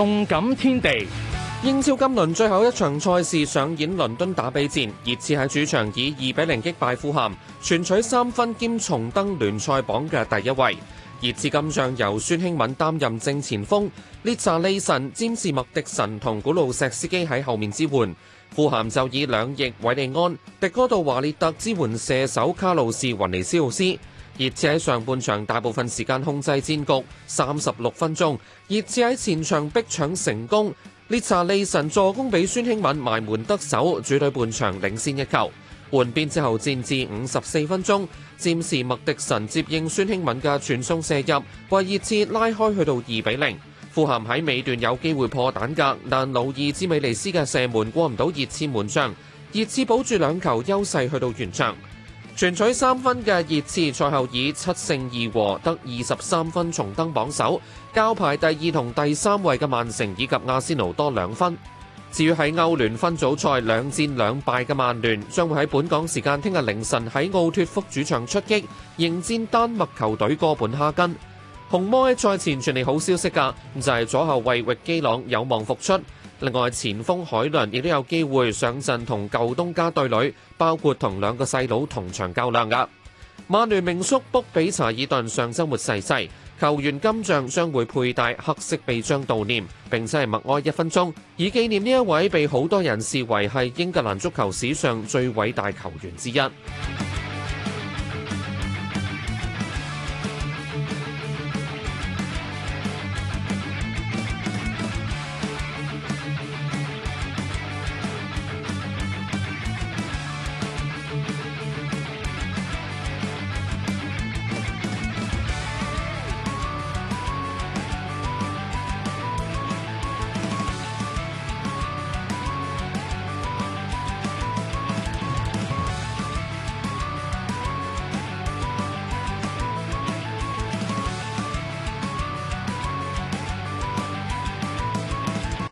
動感天地，英超今輪最後一場賽事上演倫敦打吡戰，熱刺喺主場以二比零擊敗富咸，全取三分兼重登聯賽榜嘅第一位。熱刺今仗由孫興敏擔任正前鋒，列扎利神、詹士麥迪神同古路錫斯基喺後面支援，富咸就以兩翼韋利安、迪哥度華列特支援射手卡路士雲尼斯奧斯。熱刺喺上半場大部分時間控制戰局，三十六分鐘，熱刺喺前場逼搶成功，列查利神助攻俾孫興敏埋門得手，主隊半場領先一球。換邊之後戰至五十四分鐘，佔士麥迪神接應孫興敏嘅傳送射入，為熱刺拉開去到二比零。富咸喺尾段有機會破蛋格，但努爾茲美利斯嘅射門過唔到熱刺門將，熱刺保住兩球優勢去到完場。全取三分嘅熱刺賽後以七勝二和得二十三分重登榜首，較排第二同第三位嘅曼城以及阿仙奴多兩分。至於喺歐聯分組賽兩戰兩敗嘅曼聯，將會喺本港時間聽日凌晨喺奧脫福主場出擊，迎戰丹麥球隊哥本哈根。紅魔喺賽前傳嚟好消息㗎，就係左後衛域基朗有望復出。另外，前鋒海倫亦都有機會上陣同舊東家對壘，包括同兩個細佬同場較量嘅。曼聯名宿卜比查爾頓上週末逝世，世，球員金像將會佩戴黑色臂章悼念，並且係默哀一分鐘，以紀念呢一位被好多人視為係英格蘭足球史上最偉大球員之一。